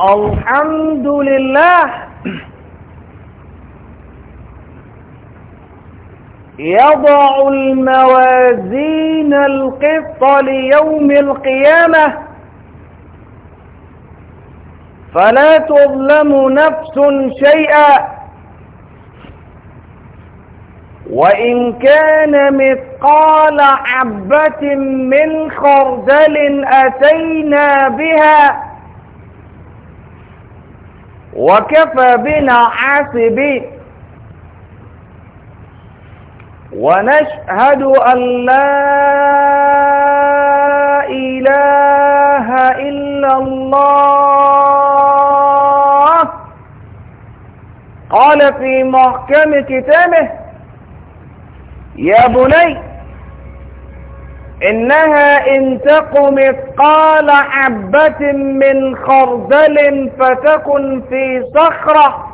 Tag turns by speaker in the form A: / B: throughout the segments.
A: الحمد لله يضع الموازين القط ليوم القيامة فلا تظلم نفس شيئا وإن كان مثقال حبة من خردل أتينا بها وكفى بنا عاسبين ونشهد أن لا إله إلا الله قال في محكم كتابه يا بني إنها إن تق مثقال حبة من خردل فتكن في صخرة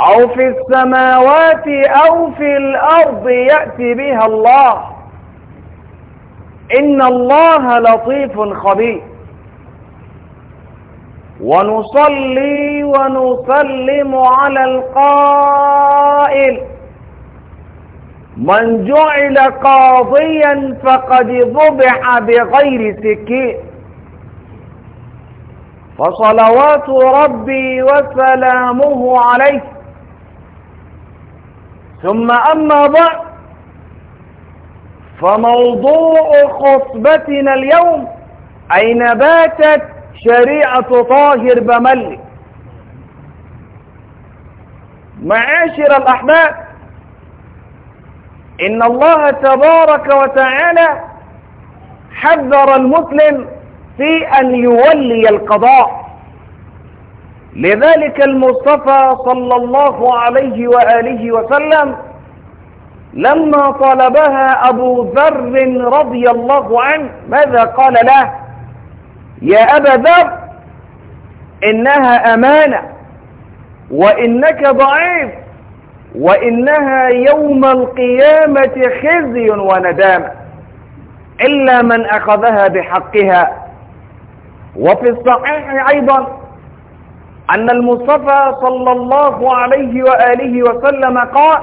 A: أو في السماوات أو في الأرض يأتي بها الله إن الله لطيف خبير ونصلي ونسلم على القائل من جعل قاضيا فقد ذبح بغير سكين فصلوات ربي وسلامه عليه ثم أما بعد فموضوع خطبتنا اليوم أين باتت شريعة طاهر بملك معاشر الأحباب إن الله تبارك وتعالى حذر المسلم في أن يولي القضاء لذلك المصطفى صلى الله عليه وآله وسلم لما طلبها أبو ذر رضي الله عنه ماذا قال له يا أبا ذر إنها أمانة وإنك ضعيف وإنها يوم القيامة خزي وندامة إلا من أخذها بحقها وفي الصحيح أيضا أن المصطفى صلى الله عليه وآله وسلم قال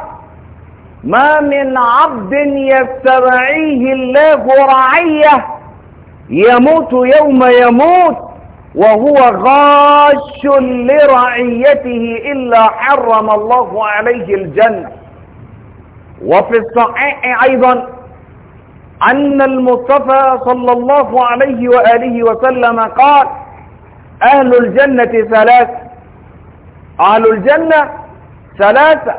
A: ما من عبد يسترعيه الله رعيه يموت يوم يموت وهو غاش لرعيته إلا حرم الله عليه الجنة وفي الصحيح أيضا أن المصطفى صلى الله عليه وآله وسلم قال أهل الجنة ثلاثة أهل الجنة ثلاثة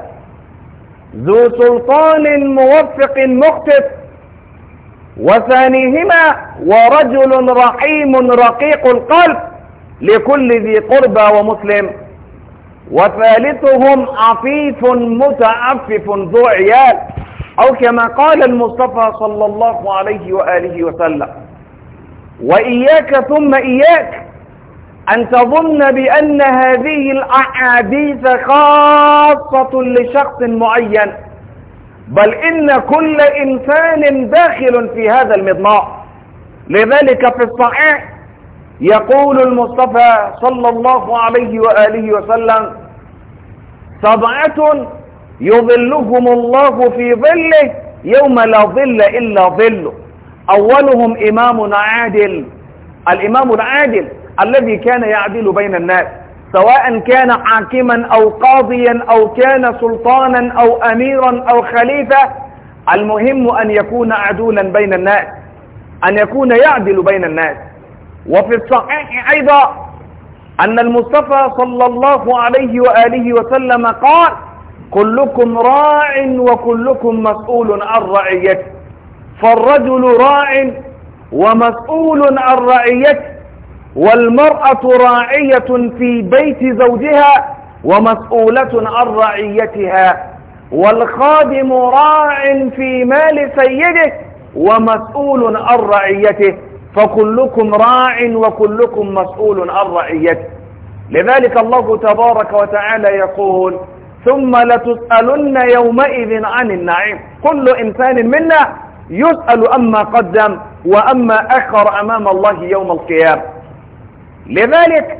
A: ذو سلطان موفق مختف وثانيهما ورجل رحيم رقيق القلب لكل ذي قربى ومسلم وثالثهم عفيف متعفف ذو عيال أو كما قال المصطفى صلى الله عليه وآله وسلم وإياك ثم إياك أن تظن بأن هذه الأحاديث خاصة لشخص معين بل إن كل إنسان داخل في هذا المضمار لذلك في الصحيح يقول المصطفى صلى الله عليه وآله وسلم سبعة يظلهم الله في ظله يوم لا ظل إلا ظله أولهم إمام عادل الإمام العادل الذي كان يعدل بين الناس سواء كان حاكما أو قاضيا أو كان سلطانا أو أميرا أو خليفة المهم أن يكون عدولا بين الناس أن يكون يعدل بين الناس وفي الصحيح أيضا أن المصطفى صلى الله عليه وآله وسلم قال كلكم راع وكلكم مسؤول عن رعيته فالرجل راع ومسؤول عن رعيته والمرأة راعية في بيت زوجها ومسؤولة عن رعيتها والخادم راع في مال سيده ومسؤول عن رعيته فكلكم راع وكلكم مسؤول عن رعيته لذلك الله تبارك وتعالى يقول ثم لتسألن يومئذ عن النعيم كل إنسان منا يسأل أما قدم وأما أخر أمام الله يوم القيامة لذلك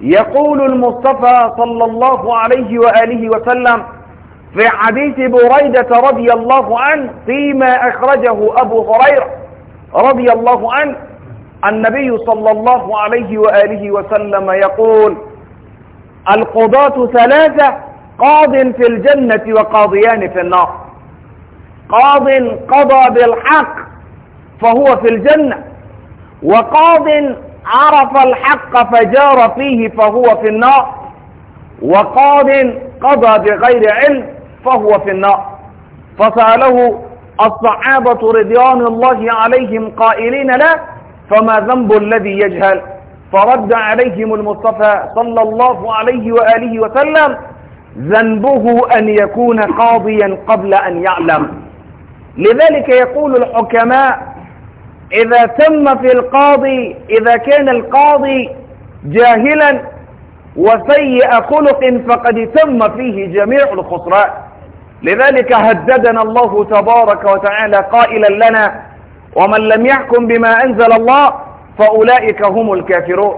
A: يقول المصطفى صلى الله عليه وآله وسلم في حديث بريدة رضي الله عنه فيما أخرجه أبو هريره رضي الله عنه النبي صلى الله عليه وآله وسلم يقول القضاة ثلاثة قاض في الجنة وقاضيان في النار قاض قضى بالحق فهو في الجنة وقاض عرف الحق فجار فيه فهو في النار وقاض قضى بغير علم فهو في النار فسأله الصحابة رضوان الله عليهم قائلين لا فما ذنب الذي يجهل فرد عليهم المصطفى صلى الله عليه وآله وسلم ذنبه أن يكون قاضيا قبل أن يعلم لذلك يقول الحكماء إذا تم في القاضي إذا كان القاضي جاهلا وسيء خلق فقد تم فيه جميع الخسران لذلك هددنا الله تبارك وتعالى قائلا لنا ومن لم يحكم بما أنزل الله فأولئك هم الكافرون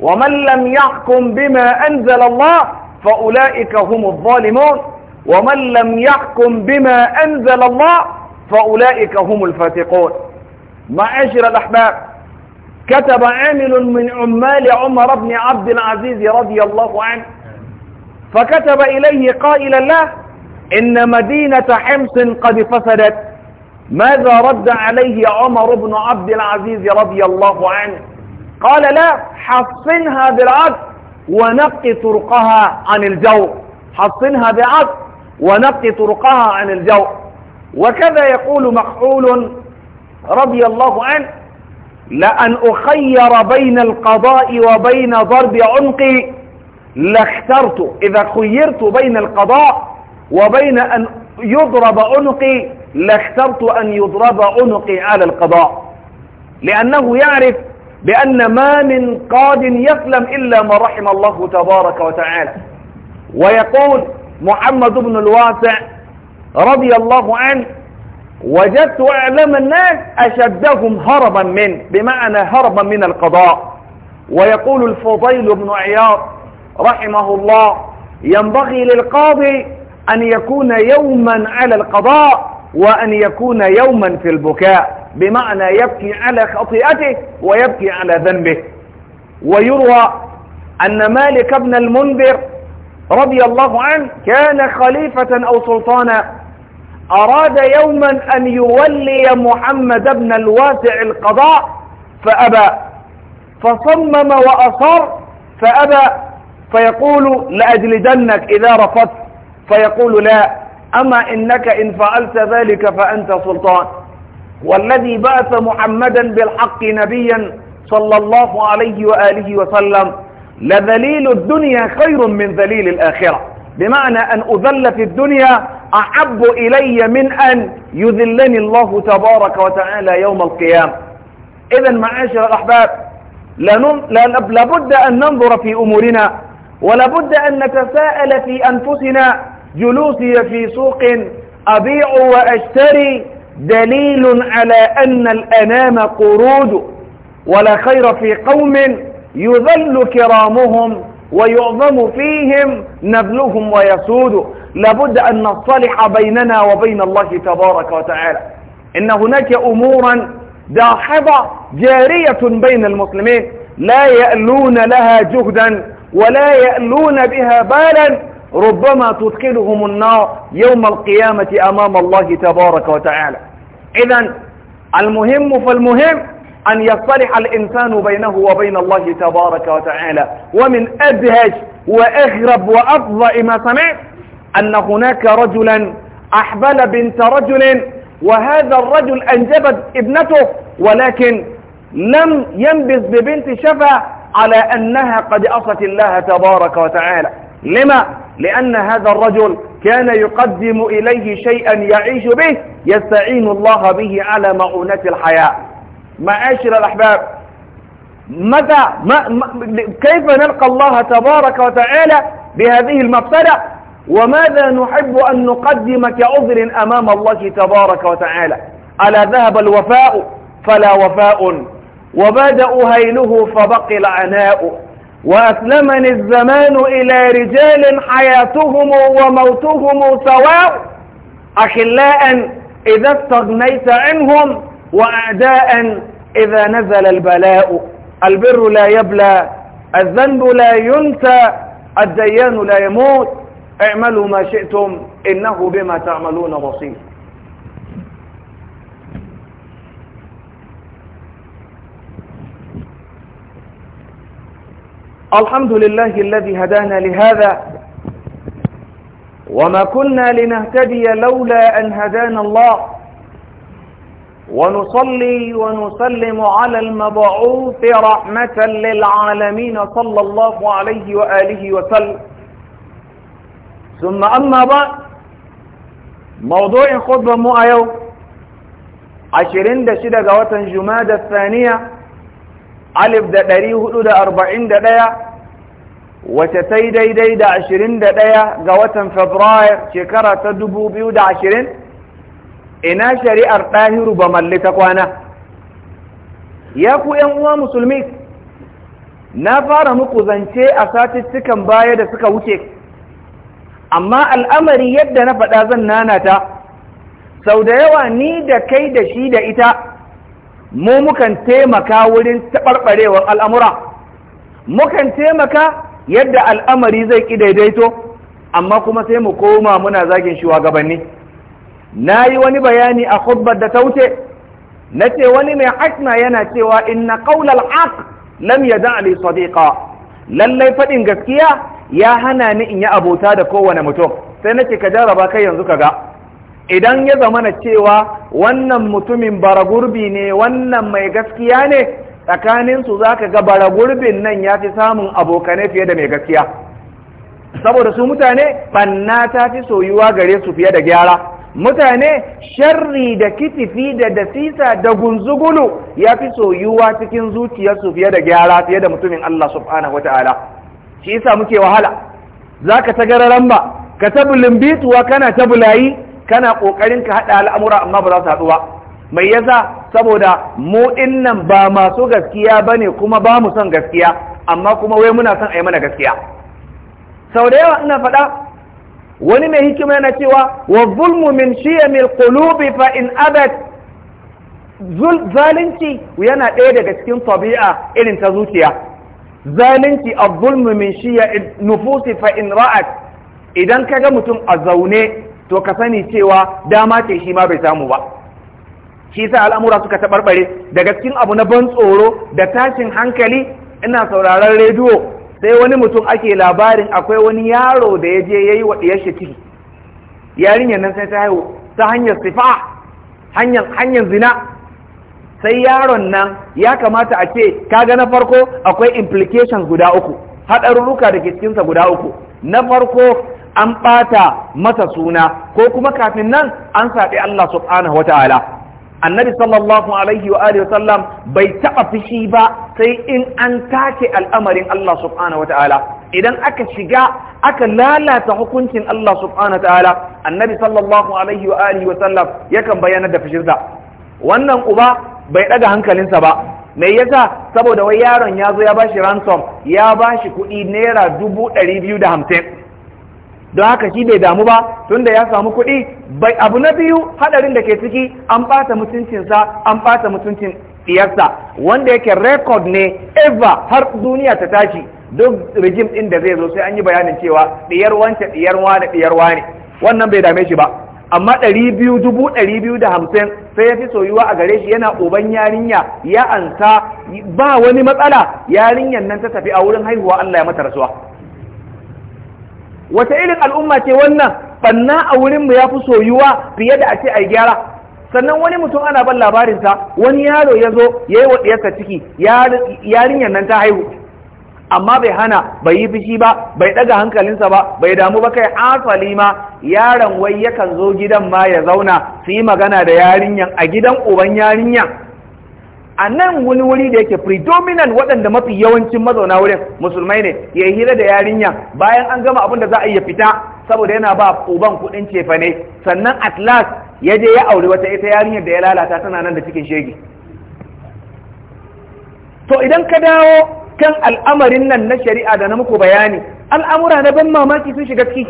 A: ومن لم يحكم بما أنزل الله فأولئك هم الظالمون ومن لم يحكم بما أنزل الله فأولئك هم الفاتقون معاشر الأحباب كتب عامل من عمال عمر بن عبد العزيز رضي الله عنه فكتب إليه قائلا له إن مدينة حمص قد فسدت ماذا رد عليه عمر بن عبد العزيز رضي الله عنه قال لا حصنها بالعدل ونقي طرقها عن الجو حصنها بعدل ونقي طرقها عن الجو وكذا يقول مخعول رضي الله عنه لأن أخير بين القضاء وبين ضرب عنقي لاخترت إذا خيرت بين القضاء وبين أن يضرب عنقي لاخترت أن يضرب عنقي على القضاء لأنه يعرف بأن ما من قاد يسلم إلا ما رحم الله تبارك وتعالى ويقول محمد بن الواسع رضي الله عنه وجدت أعلم الناس أشدهم هربا منه بمعنى هربا من القضاء ويقول الفضيل بن عياض رحمه الله ينبغي للقاضي أن يكون يوما على القضاء وأن يكون يوما في البكاء بمعنى يبكي على خطيئته ويبكي على ذنبه ويروى أن مالك بن المنذر رضي الله عنه كان خليفة أو سلطانا أراد يوما أن يولي محمد بن الواسع القضاء فأبى فصمم وأصر فأبى فيقول لأجلدنك إذا رفضت فيقول لا أما إنك إن فعلت ذلك فأنت سلطان والذي بعث محمدا بالحق نبيا صلى الله عليه وآله وسلم لذليل الدنيا خير من ذليل الآخرة بمعنى أن أذل في الدنيا أحب إلي من أن يذلني الله تبارك وتعالى يوم القيامة إذا معاشر الأحباب لابد أن ننظر في أمورنا ولابد أن نتساءل في أنفسنا جلوسي في سوق أبيع وأشتري دليل على أن الأنام قرود ولا خير في قوم يذل كرامهم ويعظم فيهم نبلهم ويسود لابد أن نصلح بيننا وبين الله تبارك وتعالى إن هناك أمورا داحضة جارية بين المسلمين لا يألون لها جهدا ولا يألون بها بالا ربما تدخلهم النار يوم القيامة أمام الله تبارك وتعالى إذا المهم فالمهم أن يصلح الإنسان بينه وبين الله تبارك وتعالى ومن أدهج وأغرب وأفظع ما سمعت أن هناك رجلا أحبل بنت رجل وهذا الرجل أنجبت ابنته ولكن لم ينبذ ببنت شفا على أنها قد أصت الله تبارك وتعالى لما لأن هذا الرجل كان يقدم إليه شيئا يعيش به يستعين الله به على مؤونة الحياة معاشر الأحباب متى ما كيف نلقى الله تبارك وتعالى بهذه المفسدة وماذا نحب أن نقدم كعذر أمام الله تبارك وتعالى ألا ذهب الوفاء فلا وفاء وبدأ هيله فبقي العناء وأسلمني الزمان إلى رجال حياتهم وموتهم سواء أخلاء إذا استغنيت عنهم وأعداء إذا نزل البلاء البر لا يبلى الذنب لا ينسى الديان لا يموت اعملوا ما شئتم إنه بما تعملون بصير الحمد لله الذي هدانا لهذا وما كنا لنهتدي لولا أن هدانا الله ونصلي ونسلم على المبعوث رحمة للعالمين صلى الله عليه وآله وسلم ثم أما بعد موضوع خطبة مو أيو عشرين دا شدق وطن جمادة الثانية ألف دا دريه دا أربعين دا دا wace sai daidai da ashirin da ɗaya ga watan fabrair shekara ta dubu biyu da ashirin ina shari'ar ɗahiru ba malli ta kwana ya ku uwa musulmi na fara muku zance a satuttukan baya da suka wuce amma al'amari yadda na faɗa zan nanata sau da yawa ni da kai da shi da ita mu mukan taimaka wurin taɓarɓarewar al'amura mukan taimaka yadda al'amari zai ki daidaito amma kuma sai mu koma muna zagin shugabanni na yi wani bayani a khutbar da ta wuce na ce wani mai hasna yana cewa inna qaulal haq lam yada li sadiqa lallai faɗin gaskiya ya hana ni in yi abota da kowane mutum sai na ce ka jaraba kai yanzu ka ga idan ya zama na cewa wannan mutumin bara gurbi ne wannan mai gaskiya ne tsakaninsu za ka ga bara gurbin nan ya fi samun abokanai fiye da mai gaskiya saboda su mutane banna ta fi soyuwa gare su fiye da gyara mutane sharri da kitifi da dasisa da gunzugulu ya fi soyuwa cikin zuciyarsu fiye da gyara fiye da mutumin Allah subhanahu ta'ala shi yasa muke wahala za ka ta gararan ba ka ta bituwa kana ta bulayi kana ƙoƙarin ka haɗa al'amura amma ba za su haɗu ba mai yasa saboda mu dinnan ba masu gaskiya bane kuma ba mu son gaskiya amma kuma wai muna son a yi mana gaskiya sau da yawa ina faɗa wani mai hikima yana cewa wa zulmu min shiyamil qulubi fa in zalunci yana ɗaya daga cikin tabi'a irin ta zuciya zalunci a zulmu min shiya nufusi fa in ra'at idan kaga mutum a zaune to ka sani cewa dama ce shi ma bai samu ba shi sa al'amura suka taɓarɓare daga cikin abu na ban tsoro da tashin hankali ina sauraron rediyo sai wani mutum ake labarin akwai wani yaro da ya je ya yi wa ɗiyar ciki yarinyar nan sai ta haihu ta hanyar sifa hanyar hanyar zina sai yaron nan ya kamata a ce kaga na farko akwai implications guda uku haɗarurruka da ke cikinsa guda uku na farko an ɓata masa suna ko kuma kafin nan an saɓi Allah subhanahu wa ta'ala annabi sallallahu alaihi wa alihi sallam bai taba fushi ba sai in an take al'amarin Allah subhanahu wataala idan aka shiga aka lalata hukuncin Allah subhanahu wataala annabi sallallahu alaihi wa alihi sallam yakan bayyana da fushirsa wannan uba bai daga hankalinsa ba me yasa saboda wai yaron ya zo ya bashi ransom ya bashi kuɗi naira dubu ɗari biyu da hamsin don haka shi bai damu ba tun da ya samu kuɗi bai abu na biyu haɗarin da ke ciki an ɓata mutuncinsa an ɓata mutuncin diyarsa wanda yake rekod ne ever har duniya ta tashi duk rigim ɗin da zai zo sai an yi bayanin cewa ɗiyar wance ɗiyar wane ɗiyar wane wannan bai dame shi ba amma ɗari biyu dubu ɗari biyu da hamsin sai ya fi soyuwa a gare shi yana uban yarinya ya ansa ba wani matsala yarinyar nan ta tafi a wurin haihuwa Allah ya mata rasuwa wata irin al'umma ce wannan banna a wurinmu ya fi soyuwa fiye da a ce a gyara sannan wani mutum ana ban labarinsa wani yaro ya zo ya yi wa ɗiyarsa ciki yarinyar nan ta haihu amma bai hana bai yi fushi ba bai ɗaga hankalinsa ba bai damu ba kai asali ma yaron wai yakan zo gidan ma ya zauna su yi magana da yarinyan a gidan uban yarinyar a nan wani wuri da yake predominant waɗanda mafi yawancin mazauna wurin musulmai ne ya yi hira da yarinya bayan an gama abin da za a iya fita saboda yana ba uban kuɗin cefa ne sannan at last ya je ya aure wata ita yarinyar da ya lalata tana nan da cikin shege to idan ka dawo kan al'amarin nan na shari'a da na muku bayani al'amura na ban mamaki sun shiga ciki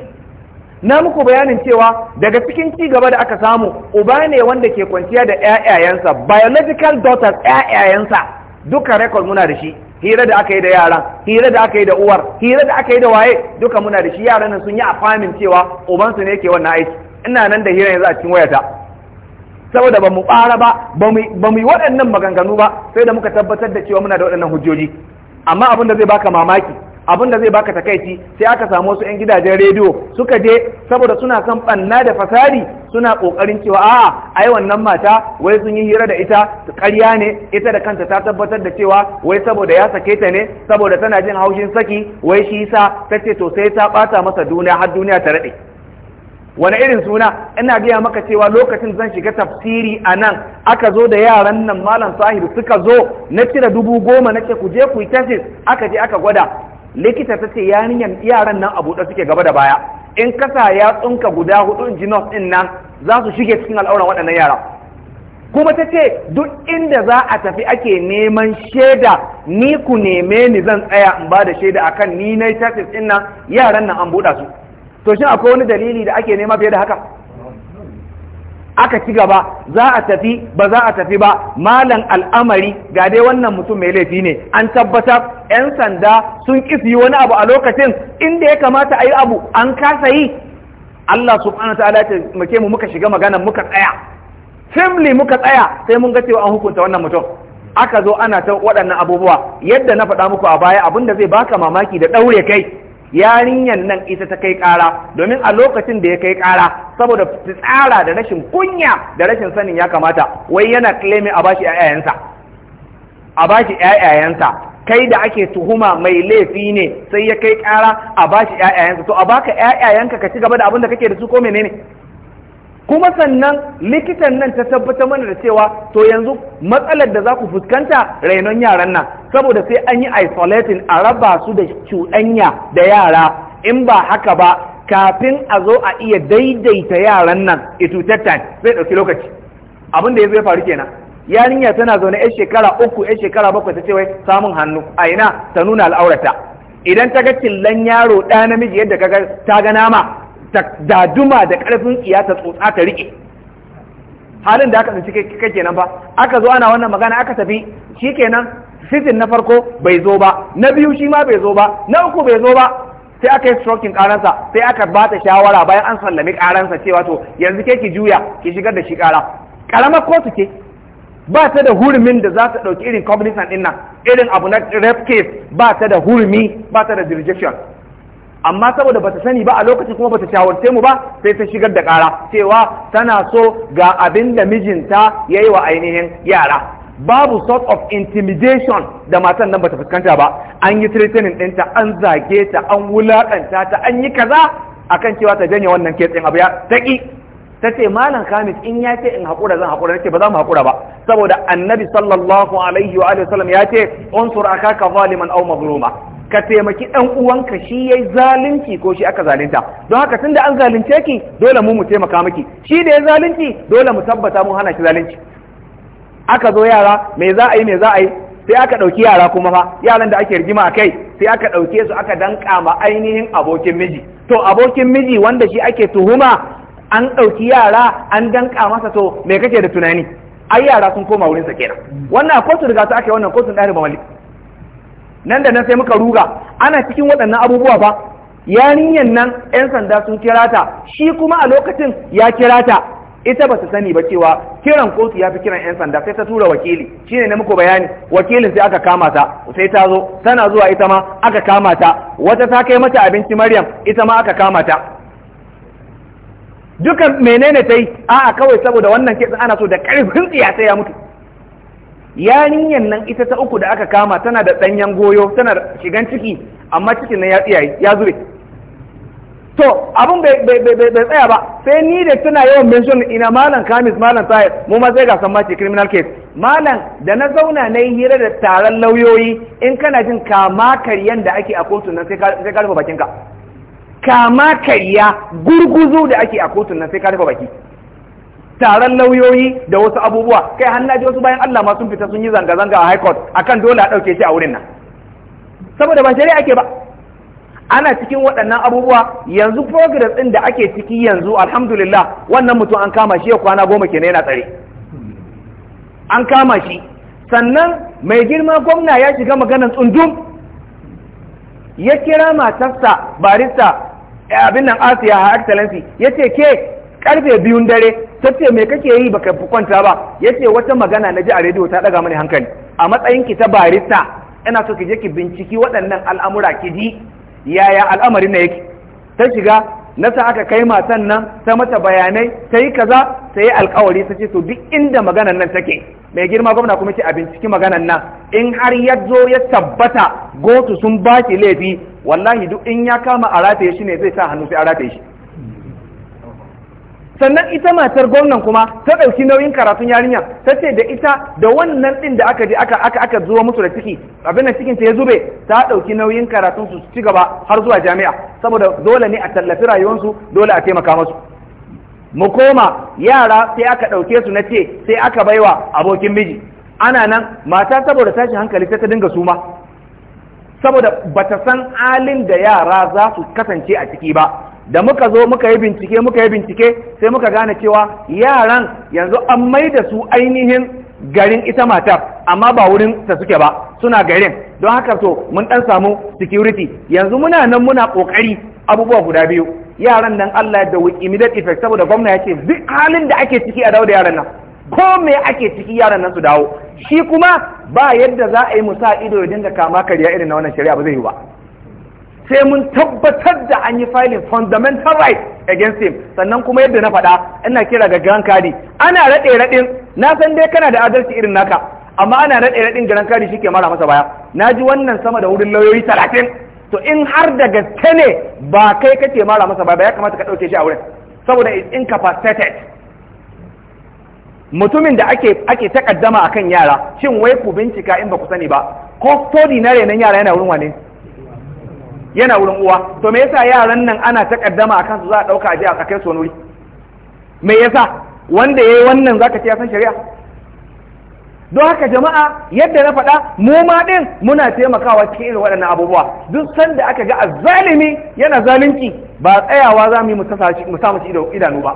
A: na muku bayanin cewa daga cikin ci gaba da aka samu uba ne wanda ke kwanciya da ƴaƴayensa biological daughters ƴaƴayensa duka record muna da shi hira da aka yi da yaran hira da aka yi da uwar hira da aka yi da waye duka muna da shi yaran nan sun yi afamin cewa ubansu ne yake wannan aiki ina nan da hira yanzu a cikin wayata saboda ba mu ba bamu mu yi waɗannan maganganu ba sai da muka tabbatar da cewa muna da waɗannan hujjoji amma abin da zai baka mamaki abin da zai baka takaici sai aka samu wasu 'yan gidajen rediyo suka je saboda suna kan ɓanna da fasari, suna kokarin cewa a'a ai wannan mata wai sun yi hira da ita ƙarya ne ita da kanta ta tabbatar da cewa wai saboda ya sake ta ne saboda tana jin haushin saki wai shi sa? ta ce to sai ta ɓata masa duniya har duniya ta rade wani irin suna ina gaya maka cewa lokacin zan shiga tafsiri a nan aka zo da yaran nan malam sahibu suka zo na cire dubu goma na ku je ku yi tasis aka je aka gwada likita ta ce yarinyar yaran nan a buɗe suke gaba da baya in kasa ya tsunka guda hudu in ji ɗin nan za su shige cikin al'auran waɗannan yara kuma ta ce duk inda za a tafi ake neman shaida ni ku neme ni zan tsaya in ba da shaida akan ni na yi ɗin nan yaran nan an buɗa su to shin akwai wani dalili da ake nema fiye da haka aka ci gaba za a tafi ba za a tafi ba malam al'amari ga dai wannan mutum mai laifi ne an tabbatar 'yan sanda sun kisi wani abu a lokacin inda ya kamata a yi abu an kasa yi Allah subhanahu wa ta'ala ya muke mu muka shiga maganan muka tsaya family muka tsaya sai mun ga cewa an hukunta wannan mutum aka zo ana ta waɗannan abubuwa yadda na faɗa muku a baya abinda zai baka mamaki da ɗaure kai yarinyar nan ita ta kai kara domin a lokacin da ya kai kara saboda tsara da rashin kunya da rashin sanin ya kamata wai yana claiming a bashi ƴaƴayensa a bashi kai da ake tuhuma mai laifi ne sai ya kai kara a bashi ƴaƴayensa to a baka ƴaƴayenka ka ci gaba da abin da kake da su ko menene kuma sannan likitan nan ta tabbatar mana da cewa to yanzu matsalar da za ku fuskanta rainon yaran nan saboda sai an yi isolating a raba su da cuɗanya da yara in ba haka ba kafin a zo a iya daidaita yaran nan tattan zai ɗauki lokaci abin da ya zai faru kenan yarinya tana zaune yar shekara uku yar shekara bakwai ta ce wai samun hannu a ina ta nuna al'aurata idan ta ga cillan yaro ɗa namiji yadda kaga ta ga nama ta daduma da karfin tsiya ta tsotsa ta rike halin da aka tsinci kai kenan ba aka zo ana wannan magana aka tafi shi kenan sitin na farko bai zo ba na biyu shi ma bai zo ba na uku bai zo ba sai aka yi stroking karansa sai aka ba ta shawara bayan an sallami karansa cewa to yanzu ke ki juya ki shigar da shi kara karamar kotu ke ba ta da hurumin da za ta ɗauki irin cognizant ɗin irin abu na rape case ba ta da hurumi ba ta da jurisdiction amma saboda bata sani ba a lokacin kuma bata shawarce mu ba sai ta shigar da ƙara cewa tana so ga abin da mijinta ya yi wa ainihin yara babu sort of intimidation da matan nan bata fuskanta ba an yi threatening ɗinta an zage ta an wulaƙanta ta an yi kaza akan cewa ta janye wannan ketsin abu ya taƙi ta ce malam kamis in ya ce in haƙura zan haƙura ce ba za mu haƙura ba saboda annabi sallallahu alaihi wa sallam ya ce unsur akaka zaliman aw mazluma ka taimaki ɗan uwanka shi yayi zalunci ko shi aka zalunta don haka tunda an zalunce ki dole mu mu taimaka maki, shi da ya zalunci dole mu tabbata mun hana shi zalunci aka zo yara me za a yi me za a yi sai aka ɗauki yara kuma fa yaran da ake rigima a kai sai aka ɗauke su aka danka ma ainihin abokin miji to abokin miji wanda shi ake tuhuma an ɗauki yara an danka masa to me kake da tunani ai yara sun koma wurin sa kenan wannan kotu riga su aka yi wannan kotun ɗari ba malik nan da nan sai muka ruga ana cikin waɗannan abubuwa ba. yarinyan nan 'yan sanda sun kira ta shi kuma a lokacin ya kira ta ita ba su sani ba cewa kiran kotu ya fi kiran 'yan sanda sai ta tura wakili shine na muku bayani wakilin sai aka kama ta sai ta zo tana zuwa ita ma aka kama ta wata ta kai mata abinci maryam ita ma aka kama ta dukan menene ta yi a'a kawai saboda wannan kesa ana so da karfin tsiya sai ya mutu yarinyan nan ita ta uku da aka kama tana da ɗanyen goyo tana shigan ciki amma cikin nan ya tsiyaye ya zube to abin bai tsaya ba sai ni da tana yawan mention ina malam kamis malam sahib mu ma sai ga san mace criminal case malam da na zauna na yi hira da taron lauyoyi in kana jin kama karyan da ake a kotun nan sai ka rufe bakinka kama karya gurguzu da ake a kotun nan sai ka rufe baki taron lauyoyi da wasu abubuwa kai hannaji wasu bayan Allah ma sun fita sun yi zanga-zanga a high court akan dole a ɗauke shi a wurin nan saboda ba shari'a ake ba ana cikin waɗannan abubuwa yanzu progress ɗin da ake ciki yanzu alhamdulillah wannan mutum an kama shi ya kwana goma kenan yana tsare an kama shi sannan mai girma gwamna ya shiga maganar tsundum ya kira matarsa barista eh, abin nan asiya ha excellency ya ce ke karfe biyun dare ta ce me kake yi baka kwanta ba Ya ce wata magana na ji a rediyo ta daga mani hankali a matsayin ki ta barista ina so ki je ki binciki waɗannan al'amura ki ji yaya al'amarin na yake ta shiga na sa aka kai matan nan ta mata bayanai ta yi kaza ta yi alkawari ta ce to duk inda maganan nan take mai girma gwamna kuma ce a binciki maganan nan in har ya zo ya tabbata gotu sun baki laifi wallahi duk in ya kama a rataye shi ne zai sa hannu sai a rataye shi sannan ita matar gwamnan kuma ta ɗauki nauyin karatun yarinya ta ce da ita da wannan ɗin da aka je aka aka aka zuwa musu da ciki abin da cikinta ya zube ta ɗauki nauyin karatun su ci gaba har zuwa jami'a saboda dole ne a tallafi rayuwarsu dole a taimaka musu mu koma yara sai aka ɗauke su na ce sai aka baiwa abokin miji ana nan mata saboda tashin hankali ta ta dinga suma saboda bata san halin da yara za su kasance a ciki ba da muka zo muka yi bincike muka yi bincike sai muka gane cewa yaran yanzu an mai da su ainihin garin ita matar amma ba wurin ta suke ba suna garin don haka to mun dan samu security yanzu muna nan muna kokari abubuwa guda biyu yaran nan Allah ya da immediate effect saboda gwamna ya ce duk halin da ake ciki a dawo da yaran nan ko me ake ciki yaran nan su dawo shi kuma ba yadda za a yi musa ido ya dinga kama kariya irin na wannan shari'a ba zai yi ba sai mun tabbatar da an yi filing fundamental right against him sannan kuma yadda na faɗa ina kira ga grand cardi ana raɗe raɗin na san dai kana da adalci irin naka amma ana raɗe raɗin grand cardi shi ke mara masa baya na ji wannan sama da wurin lauyoyi talatin to in har da gaske ne ba kai kake mara masa baya ya kamata ka ɗauke shi a wurin saboda is incapacitated mutumin da ake ake takaddama akan yara shin wai ku bincika in ba ku sani ba ko custody na renon yara yana wurin wane yana wurin uwa to me yasa yaran nan ana takaddama akan su za a dauka aje a kai su wani me yasa wanda yayi wannan zaka ce ya san shari'a don haka jama'a yadda na faɗa mu ma din muna taimakawa cikin irin waɗannan abubuwa duk sanda aka ga azzalimi yana zalunci ba tsayawa za mu yi mu samu idanu ba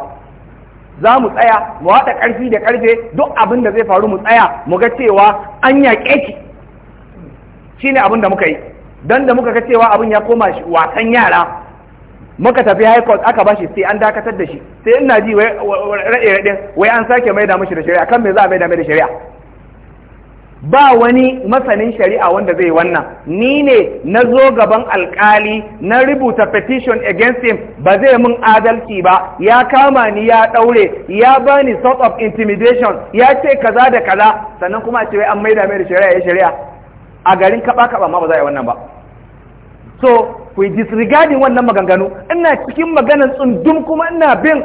A: za mu tsaya mu haɗa ƙarfi da ƙarfe duk abin da zai faru mu tsaya mu ga cewa an yaƙe ki shine abin da muka yi don da muka ga cewa abin ya koma wasan yara muka tafi high court aka bashi sai an dakatar da shi sai ina ji raɗe raɗe wai an sake maida mashi da shari'a kan me za a maida mai da shari'a ba wani masanin shari'a wanda zai wannan ni ne na zo gaban alkali na rubuta petition against him ba zai mun adalci ba ya kama ni ya daure, ya bani sort of intimidation ya ce kaza da kaza sannan kuma a ce wai an maida mai da shari'a ya shari'a a garin kaba kaba ma ba za a yi wannan ba so ku disregarding wannan maganganu ina cikin maganan tsundum kuma ina bin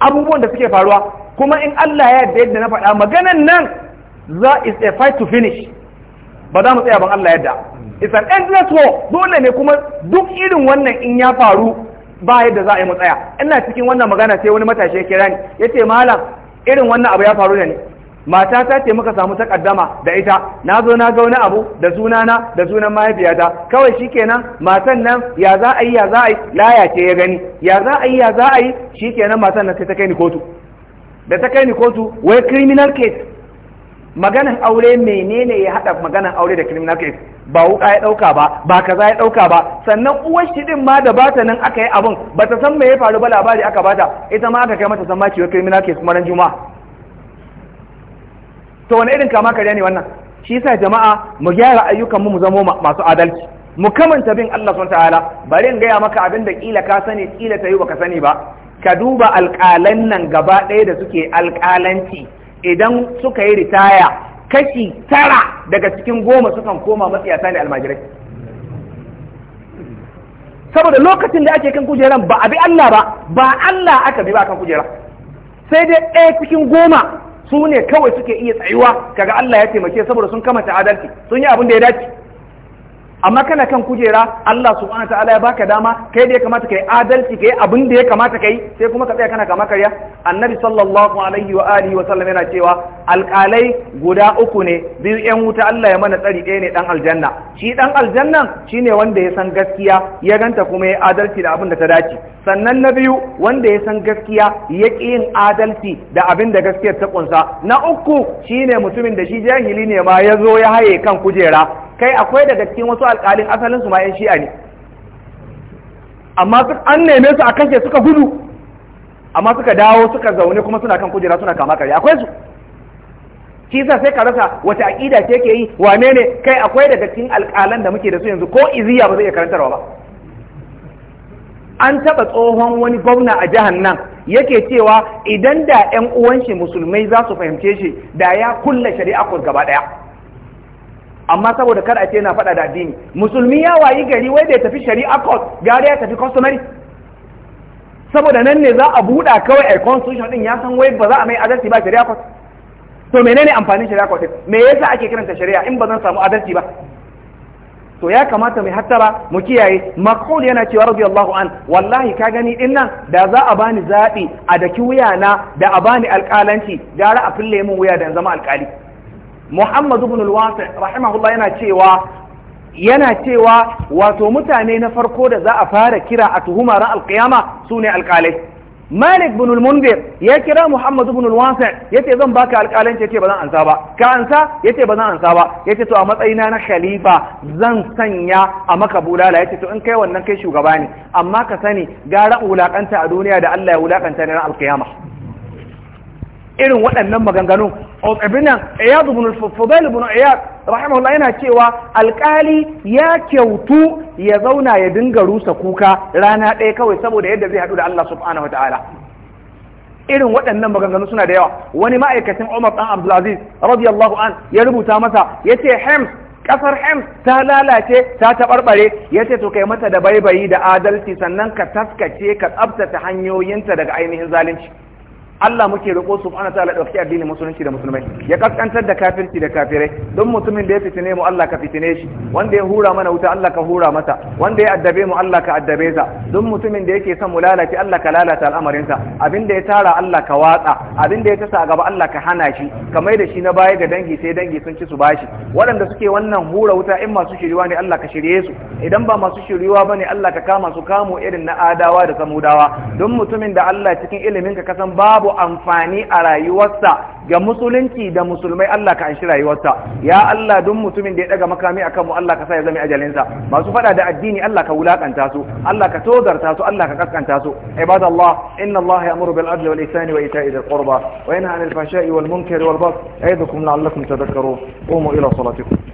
A: abubuwan da suke faruwa kuma in Allah ya yarda yadda na faɗa maganan nan za is a fight to finish ba za mu tsaya ban Allah yadda it's an endless war dole ne kuma duk irin wannan in ya faru ba yadda za a yi mu tsaya ina cikin wannan magana sai wani matashi ya kira ni yace malam irin wannan abu ya faru ne mata ta ce muka samu takaddama da ita na zo na ga wani abu da sunana da sunan mahaifiyata kawai shikenan matan nan ya za a yi ya za a yi laya ce ya gani ya za a yi ya za a yi shikenan matan nan sai ta kai ni kotu da ta kai ni kotu wai criminal case maganan aure menene ya hada maganan aure da criminal case ba wuka ya dauka ba ba kaza ya dauka ba sannan uwar shi din ma da bata nan aka yi abun bata san me ya faru ba labari aka bata ita ma aka kai mata san ma ciwo criminal case kuma ran juma'a to wani irin kama karya ne wannan shi yasa jama'a mu gyara ayyukan mu mu zamo masu adalci mu kamanta bin Allah subhanahu ta'ala bari in gaya maka abin da kila ka sani kila ta yi baka sani ba ka duba alƙalan nan gaba ɗaya da suke alƙalanci idan suka yi ritaya kashi tara daga cikin goma sukan koma matsiyata ne almajirai saboda lokacin da ake kan kujeran ba a bi Allah ba ba Allah aka bi ba kan kujera sai dai ɗaya cikin goma su ne kawai suke iya tsayuwa kaga Allah ya taimake saboda sun kamata adalci sun yi abin da ya dace amma kana kan kujera Allah subhanahu ta'ala ya baka dama kai da ya kamata kai adalci kai abin da ya kamata kai sai kuma ka tsaya kana kama karya annabi sallallahu alaihi wa alihi wa sallam yana cewa alƙalai guda uku ne biyu yan wuta Allah ya mana tsari ɗaya ne dan aljanna shi ɗan aljannan shi ne wanda ya san gaskiya ya ganta kuma ya adalci da abin da ta dace sannan na biyu wanda ya san gaskiya ya ƙi yin adalci da abin da gaskiyar ta kunsa na uku shine mutumin da shi jahili ne ma ya zo ya haye kan kujera kai akwai daga cikin wasu alƙalin asalin su ma yan shi'a ne amma an neme su a kashe suka gudu amma suka dawo suka zaune kuma suna kan kujera suna kama kare akwai su shi sa sai ka rasa wace aƙida ce ke yi wane ne kai akwai daga cikin alƙalan da muke da su yanzu ko iziya ba zai iya karantarwa ba an taɓa tsohon wani gwamna a jihar nan yake cewa idan da 'yan uwan shi musulmai za su fahimce shi da ya kulla shari'a gaba ɗaya amma saboda kar a ce na faɗa da addini musulmi ya wayi gari wai da ya tafi shari'a court gari ya tafi customary saboda nan ne za a buɗa kawai a constitution din ya san wai ba za a mai adalci ba shari'a court to menene amfanin shari'a court me yasa ake kiranta shari'a in ba zan samu adalci ba to ya kamata mai hattara mu kiyaye maqul yana cewa radiyallahu an wallahi ka gani din nan da za a bani zabi a daki wuya na da a bani alƙalanci gara a fille mun wuya da zama alƙali Muhammadu ibn al rahimahullah yana cewa yana cewa wato mutane na farko da za a fara kira a tuhuma ran su sune alkalai Malik ibn al ya kira Muhammad ibn al yace zan baka alƙalanci yace ba zan ansa ba ka ansa yace ba zan ansa ba yace to a matsayina na khalifa zan sanya a maka bulala yace to in kai wannan kai shugaba ne amma ka sani gara wulakanta a duniya da Allah ya wulakanta ne ran alkiyama. irin waɗannan maganganu abin nan iyad ibn al rahimahullah yana cewa alƙali ya kyautu ya zauna ya dinga rusa kuka rana ɗaya kawai saboda yadda zai haɗu da Allah subhanahu wa ta'ala irin waɗannan maganganu suna da yawa wani ma'aikacin Umar ɗan Abdulaziz radiyallahu an ya rubuta masa yace Hems ƙasar Hems ta lalace ta taɓarɓare yace to kai mata da baibayi da adalci sannan ka taskace ka tsabtace hanyoyinta daga ainihin zalunci Allah muke roƙo subhanahu ta'ala dauki addinin musulunci da musulmai ya kaskantar da kafirci da kafirai don mutumin da ya fitine mu Allah ka fitine shi wanda ya hura mana wuta Allah ka hura mata wanda ya addabe mu Allah ka addabe sa don mutumin da yake son mu lalace Allah ka lalata al'amarin sa abin da ya tara Allah ka watsa abin da ya tasa gaba Allah ka hana shi kamar da shi na baya ga dangi sai dangi sun ci su bashi waɗanda suke wannan hura wuta in masu shiriwa ne Allah ka shirye su idan ba masu shiriwa ne, Allah ka kama su kamo irin na adawa da samudawa don mutumin da Allah cikin ilimin ka kasan babu babu amfani a rayuwarsa ga musulunci da musulmai Allah ka anshi rayuwarsa ya Allah duk mutumin da ya daga makami akan mu Allah ka sa ya zama ajalinsa masu fada da addini Allah ka wulakanta su Allah ka togarta su Allah ka kaskanta su ibadallah inna Allah ya'muru bil adli wal ihsani wa ita'i dhil qurba wa yanha 'anil fahsha'i wal munkari wal baghi a'idukum la'allakum tadhakkarun qumu ila salatikum